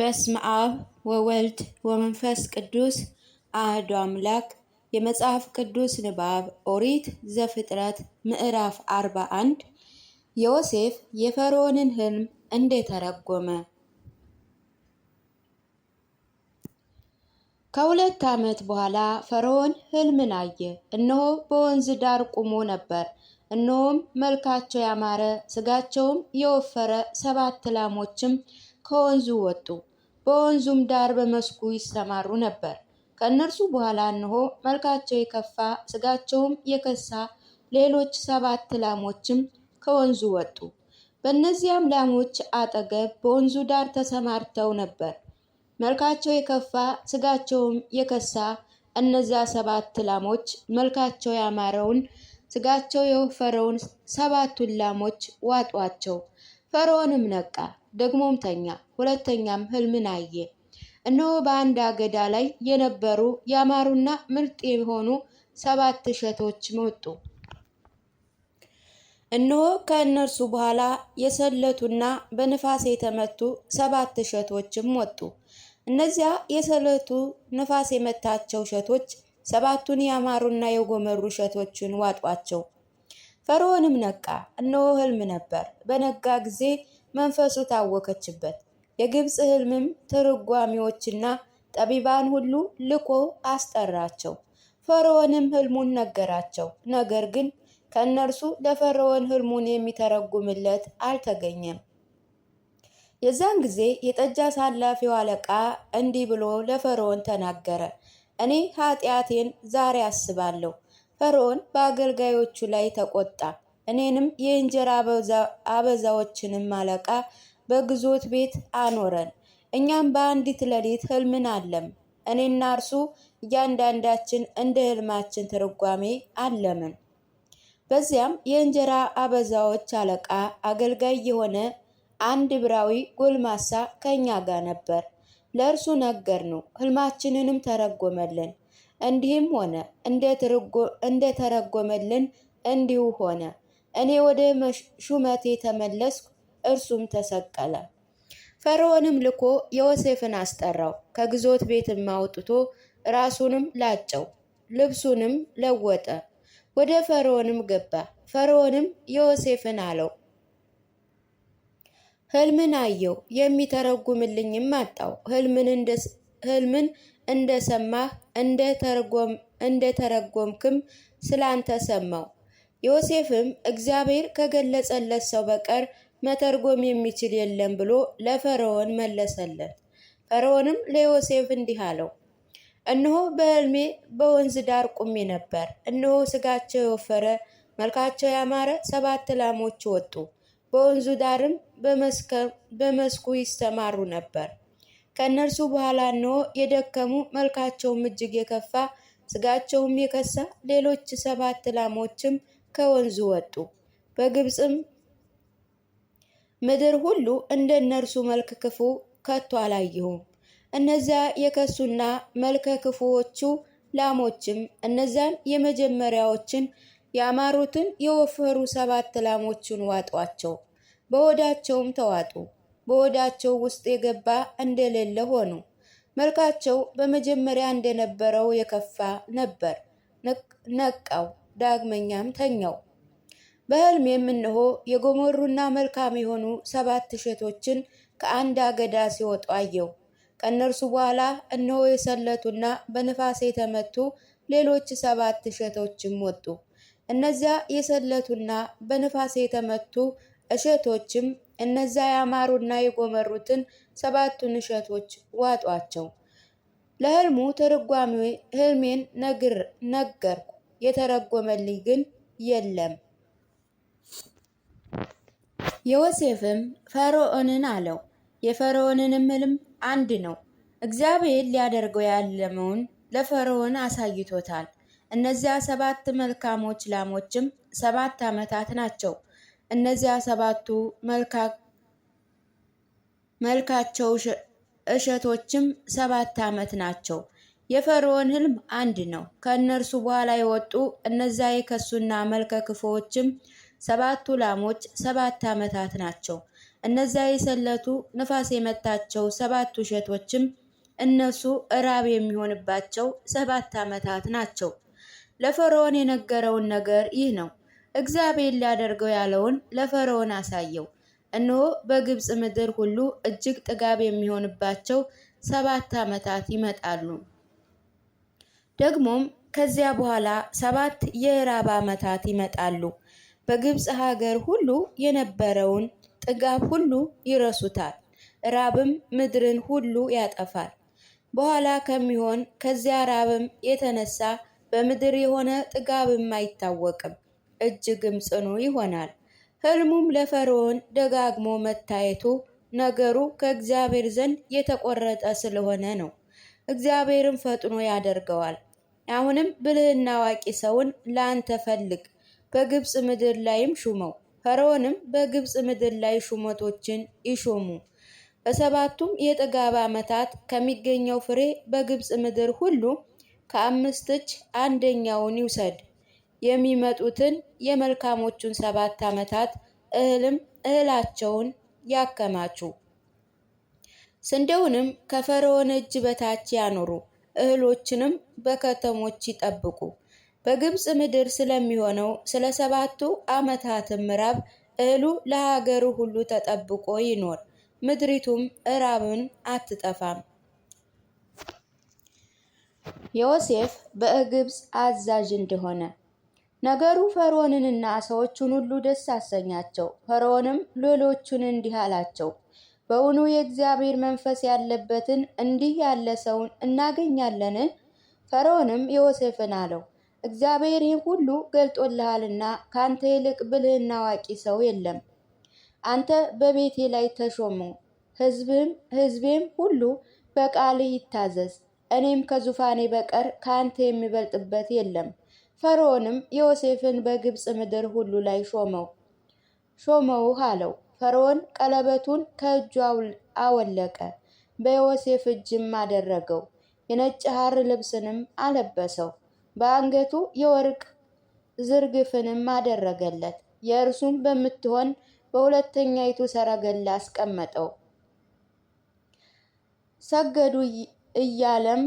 በስመ አብ ወወልድ ወመንፈስ ቅዱስ አህዶ አምላክ። የመጽሐፍ ቅዱስ ንባብ ኦሪት ዘፍጥረት ምዕራፍ 41 ዮሴፍ የፈርዖንን ህልም እንደተረጎመ። ከሁለት ዓመት በኋላ ፈርዖን ህልምን አየ። እነሆ በወንዝ ዳር ቆሞ ነበር። እነሆም መልካቸው ያማረ ስጋቸውም የወፈረ ሰባት ላሞችም ከወንዙ ወጡ። በወንዙም ዳር በመስኩ ይሰማሩ ነበር። ከእነርሱ በኋላ እንሆ መልካቸው የከፋ ስጋቸውም የከሳ ሌሎች ሰባት ላሞችም ከወንዙ ወጡ። በእነዚያም ላሞች አጠገብ በወንዙ ዳር ተሰማርተው ነበር። መልካቸው የከፋ ስጋቸውም የከሳ እነዚያ ሰባት ላሞች መልካቸው ያማረውን ስጋቸው የወፈረውን ሰባቱን ላሞች ዋጧቸው። ፈርዖንም ነቃ፣ ደግሞም ተኛ። ሁለተኛም ህልምን አየ። እነሆ በአንድ አገዳ ላይ የነበሩ ያማሩና ምርጥ የሆኑ ሰባት እሸቶች መጡ። እነሆ ከእነርሱ በኋላ የሰለቱና በንፋስ የተመቱ ሰባት እሸቶችም ወጡ። እነዚያ የሰለቱ ንፋስ የመታቸው እሸቶች ሰባቱን ያማሩና የጎመሩ እሸቶችን ዋጧቸው። ፈርዖንም ነቃ፣ እነሆ ህልም ነበር። በነጋ ጊዜ መንፈሱ ታወከችበት። የግብፅ ህልምም ትርጓሚዎችና ጠቢባን ሁሉ ልኮ አስጠራቸው። ፈርዖንም ህልሙን ነገራቸው። ነገር ግን ከእነርሱ ለፈርዖን ህልሙን የሚተረጉምለት አልተገኘም። የዛን ጊዜ የጠጅ አሳላፊው አለቃ እንዲህ ብሎ ለፈርዖን ተናገረ፣ እኔ ኃጢአቴን ዛሬ አስባለሁ ፈርዖን በአገልጋዮቹ ላይ ተቆጣ። እኔንም የእንጀራ አበዛዎችንም አለቃ በግዞት ቤት አኖረን። እኛም በአንዲት ሌሊት ህልምን አለም። እኔና እርሱ እያንዳንዳችን እንደ ህልማችን ትርጓሜ አለምን። በዚያም የእንጀራ አበዛዎች አለቃ አገልጋይ የሆነ አንድ ዕብራዊ ጎልማሳ ከእኛ ጋር ነበር። ለእርሱ ነገር ነው፣ ህልማችንንም ተረጎመልን። እንዲህም ሆነ እንደተረጎመልን እንዲሁ ሆነ። እኔ ወደ ሹመቴ ተመለስኩ፣ እርሱም ተሰቀለ። ፈርዖንም ልኮ ዮሴፍን አስጠራው፣ ከግዞት ቤትም አውጥቶ ራሱንም ላጨው፣ ልብሱንም ለወጠ፣ ወደ ፈርዖንም ገባ። ፈርዖንም ዮሴፍን አለው፣ ሕልምን አየው፣ የሚተረጉምልኝም አጣው። ሕልምን ህልምን እንደሰማህ እንደተረጎምክም ስላንተ ሰማው። ዮሴፍም እግዚአብሔር ከገለጸለት ሰው በቀር መተርጎም የሚችል የለም ብሎ ለፈርዖን መለሰለት። ፈርዖንም ለዮሴፍ እንዲህ አለው፣ እነሆ በህልሜ በወንዝ ዳር ቁሜ ነበር። እነሆ ስጋቸው የወፈረ መልካቸው ያማረ ሰባት ላሞች ወጡ፣ በወንዙ ዳርም በመስኩ ይሰማሩ ነበር። ከእነርሱ በኋላ እነሆ የደከሙ መልካቸውም እጅግ የከፋ ስጋቸውም የከሳ ሌሎች ሰባት ላሞችም ከወንዙ ወጡ። በግብፅም ምድር ሁሉ እንደ እነርሱ መልክ ክፉ ከቶ አላየሁም። እነዚያ የከሱና መልከ ክፉዎቹ ላሞችም እነዚያን የመጀመሪያዎችን ያማሩትን የወፈሩ ሰባት ላሞችን ዋጧቸው፣ በወዳቸውም ተዋጡ። በወዳቸው ውስጥ የገባ እንደሌለ ሆኑ። መልካቸው በመጀመሪያ እንደነበረው የከፋ ነበር። ነቃው፣ ዳግመኛም ተኛው። በህልም እነሆ የጎመሩና መልካም የሆኑ ሰባት እሸቶችን ከአንድ አገዳ ሲወጡ አየው። ከእነርሱ በኋላ እነሆ የሰለቱና በንፋስ የተመቱ ሌሎች ሰባት እሸቶችም ወጡ። እነዚያ የሰለቱና በንፋስ የተመቱ እሸቶችም እነዛ ያማሩና የጎመሩትን ሰባቱን እሸቶች ዋጧቸው። ለህልሙ ተረጓሚ ህልሜን ነገርኩ፣ የተረጎመልኝ ግን የለም። ዮሴፍም ፈርዖንን አለው፣ የፈርዖንንም ህልም አንድ ነው። እግዚአብሔር ሊያደርገው ያለመውን ለፈርዖን አሳይቶታል። እነዚያ ሰባት መልካሞች ላሞችም ሰባት ዓመታት ናቸው። እነዚያ ሰባቱ መልካቸው እሸቶችም ሰባት ዓመት ናቸው። የፈርዖን ህልም አንድ ነው። ከእነርሱ በኋላ የወጡ እነዚያ የከሱና መልከ ክፉዎችም ሰባቱ ላሞች ሰባት ዓመታት ናቸው። እነዚያ የሰለቱ ንፋስ የመታቸው ሰባቱ እሸቶችም እነሱ እራብ የሚሆንባቸው ሰባት ዓመታት ናቸው። ለፈርዖን የነገረውን ነገር ይህ ነው። እግዚአብሔር ሊያደርገው ያለውን ለፈርዖን አሳየው። እነሆ በግብፅ ምድር ሁሉ እጅግ ጥጋብ የሚሆንባቸው ሰባት ዓመታት ይመጣሉ። ደግሞም ከዚያ በኋላ ሰባት የራብ ዓመታት ይመጣሉ። በግብፅ ሀገር ሁሉ የነበረውን ጥጋብ ሁሉ ይረሱታል። ራብም ምድርን ሁሉ ያጠፋል። በኋላ ከሚሆን ከዚያ ራብም የተነሳ በምድር የሆነ ጥጋብም አይታወቅም። እጅግም ጽኑ ይሆናል። ሕልሙም ለፈርዖን ደጋግሞ መታየቱ ነገሩ ከእግዚአብሔር ዘንድ የተቆረጠ ስለሆነ ነው። እግዚአብሔርም ፈጥኖ ያደርገዋል። አሁንም ብልህና አዋቂ ሰውን ለአንተ ፈልግ፣ በግብፅ ምድር ላይም ሹመው። ፈርዖንም በግብፅ ምድር ላይ ሹመቶችን ይሾሙ። በሰባቱም የጥጋብ ዓመታት ከሚገኘው ፍሬ በግብፅ ምድር ሁሉ ከአምስት እጅ አንደኛውን ይውሰድ። የሚመጡትን የመልካሞቹን ሰባት ዓመታት እህልም እህላቸውን ያከማቹ፣ ስንዴውንም ከፈርዖን እጅ በታች ያኖሩ፣ እህሎችንም በከተሞች ይጠብቁ። በግብፅ ምድር ስለሚሆነው ስለ ሰባቱ ዓመታትም ራብ እህሉ ለሀገሩ ሁሉ ተጠብቆ ይኖር፣ ምድሪቱም እራብን አትጠፋም። ዮሴፍ በግብፅ አዛዥ እንደሆነ ነገሩ ፈርዖንንና ሰዎቹን ሁሉ ደስ አሰኛቸው። ፈርዖንም ሎሎቹን እንዲህ አላቸው፣ በውኑ የእግዚአብሔር መንፈስ ያለበትን እንዲህ ያለ ሰውን እናገኛለን? ፈርዖንም ዮሴፍን አለው፣ እግዚአብሔር ይህ ሁሉ ገልጦልሃልና ከአንተ ይልቅ ብልህና አዋቂ ሰው የለም። አንተ በቤቴ ላይ ተሾሙ፣ ሕዝቤም ሁሉ በቃልህ ይታዘዝ። እኔም ከዙፋኔ በቀር ከአንተ የሚበልጥበት የለም። ፈርዖንም ዮሴፍን በግብፅ ምድር ሁሉ ላይ ሾመው ሾመውህ አለው። ፈርዖን ቀለበቱን ከእጁ አወለቀ፣ በዮሴፍ እጅም አደረገው። የነጭ ሐር ልብስንም አለበሰው፣ በአንገቱ የወርቅ ዝርግፍንም አደረገለት። የእርሱም በምትሆን በሁለተኛይቱ ሰረገላ አስቀመጠው። ሰገዱ እያለም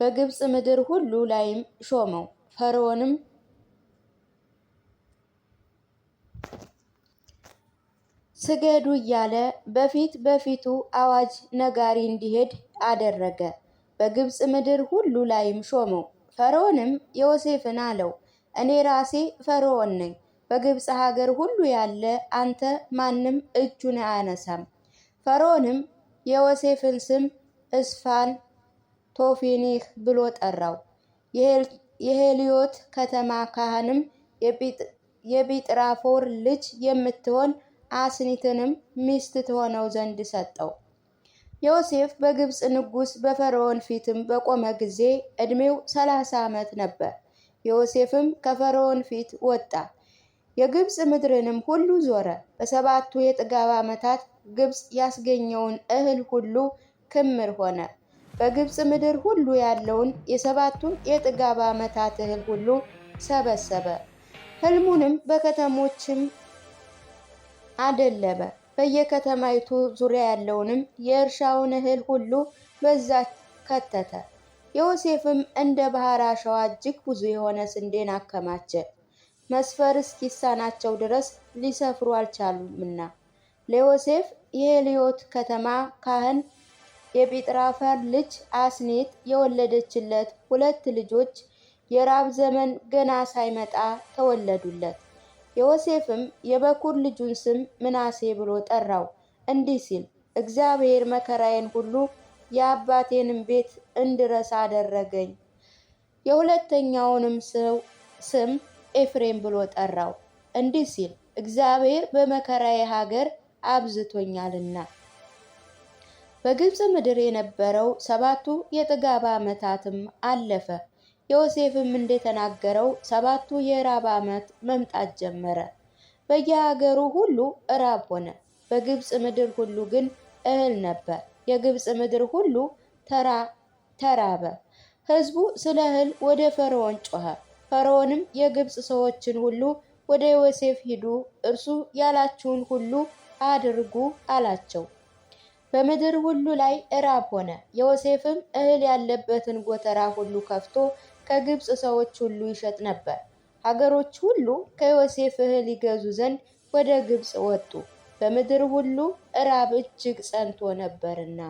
በግብፅ ምድር ሁሉ ላይም ሾመው። ፈርዖንም ስገዱ እያለ በፊት በፊቱ አዋጅ ነጋሪ እንዲሄድ አደረገ። በግብፅ ምድር ሁሉ ላይም ሾመው። ፈርዖንም ዮሴፍን አለው፣ እኔ ራሴ ፈርዖን ነኝ። በግብፅ ሀገር ሁሉ ያለ አንተ ማንም እጁን አያነሳም። ፈርዖንም የዮሴፍን ስም እስፋን ቶፊኒህ ብሎ ጠራው። የሄሊዮት ከተማ ካህንም የጲጥራፎር ልጅ የምትሆን አስኒትንም ሚስት ትሆነው ዘንድ ሰጠው። ዮሴፍ በግብፅ ንጉሥ በፈርዖን ፊትም በቆመ ጊዜ ዕድሜው ሰላሳ ዓመት ነበር። ዮሴፍም ከፈርዖን ፊት ወጣ፣ የግብፅ ምድርንም ሁሉ ዞረ። በሰባቱ የጥጋብ ዓመታት ግብፅ ያስገኘውን እህል ሁሉ ክምር ሆነ። በግብፅ ምድር ሁሉ ያለውን የሰባቱን የጥጋብ ዓመታት እህል ሁሉ ሰበሰበ። ህልሙንም በከተሞችም አደለበ። በየከተማይቱ ዙሪያ ያለውንም የእርሻውን እህል ሁሉ በዛ ከተተ። ዮሴፍም እንደ ባህር አሸዋ እጅግ ብዙ የሆነ ስንዴን አከማቸ። መስፈር እስኪሳናቸው ድረስ ሊሰፍሩ አልቻሉምና ለዮሴፍ የሄልዮት ከተማ ካህን የጴጥራፈር ልጅ አስኔት የወለደችለት ሁለት ልጆች የራብ ዘመን ገና ሳይመጣ ተወለዱለት። ዮሴፍም የበኩር ልጁን ስም ምናሴ ብሎ ጠራው፣ እንዲህ ሲል እግዚአብሔር መከራዬን ሁሉ የአባቴንም ቤት እንድረሳ አደረገኝ። የሁለተኛውንም ስም ኤፍሬም ብሎ ጠራው፣ እንዲህ ሲል እግዚአብሔር በመከራዬ ሀገር አብዝቶኛልና። በግብፅ ምድር የነበረው ሰባቱ የጥጋብ ዓመታትም አለፈ። ዮሴፍም እንደተናገረው ሰባቱ የራብ ዓመት መምጣት ጀመረ። በየሀገሩ ሁሉ ራብ ሆነ። በግብፅ ምድር ሁሉ ግን እህል ነበር። የግብፅ ምድር ሁሉ ተራ ተራበ። ህዝቡ ስለ እህል ወደ ፈርዖን ጮኸ። ፈርዖንም የግብፅ ሰዎችን ሁሉ ወደ ዮሴፍ ሂዱ፣ እርሱ ያላችሁን ሁሉ አድርጉ አላቸው። በምድር ሁሉ ላይ እራብ ሆነ። ዮሴፍም እህል ያለበትን ጎተራ ሁሉ ከፍቶ ከግብፅ ሰዎች ሁሉ ይሸጥ ነበር። ሀገሮች ሁሉ ከዮሴፍ እህል ይገዙ ዘንድ ወደ ግብፅ ወጡ፣ በምድር ሁሉ እራብ እጅግ ጸንቶ ነበርና።